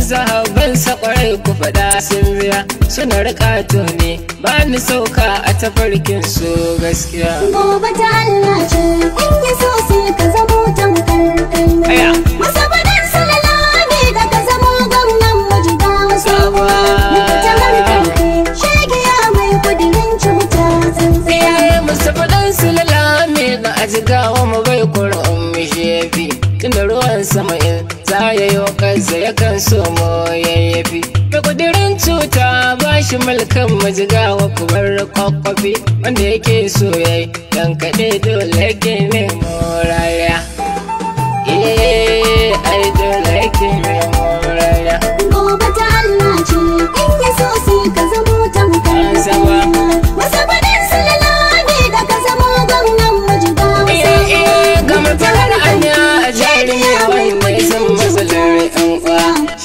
zahaban sakwarai ku faɗa sun biya suna rika tuni ba ni sauka a tafarkin su gaskiya gobe ta Allah ce in yi so sai ka zamo tamkar kanya masabadan da ka eh, mu bai shefi tunda ruwan sama in za ya yi kansa ya kan so mu yayyafi da kudirin cuta ba shi mulkan majiga wa kubar kwakwafi wanda yake so yayi dan kaɗe dole yake nemo raya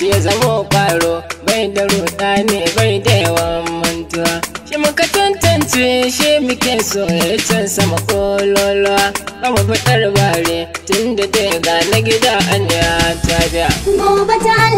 ya zamo kwaro bai da ruɗa ne bai da yawa mantuwa shi muka tantance shi muke so ya can sama kololo ba mu fitar bare tun da daga na gida an ya tafiya.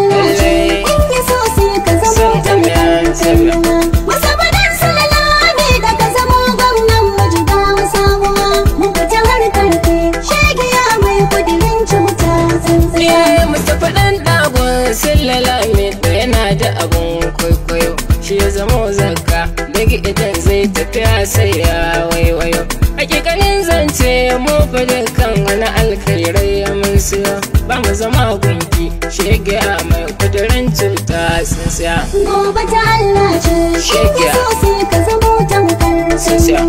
abun kwaikwayo shi ya zama zakka daga idan zai tafiya sai ya waiwayo hakikanin zance mu fadin kan wani alkhairai ya mun siya ba mu zama gunki shege mai kudurin cuta sun siya gobe ta Allah ce shi ka so sai ka zama tamkar sun siya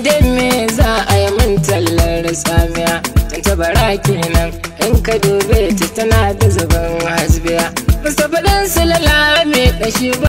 me me za a yi min tallar tsamiya tanta bara kenan in ka dube ta tana da zaban hasbiya musa faɗin sulala ɗashi ba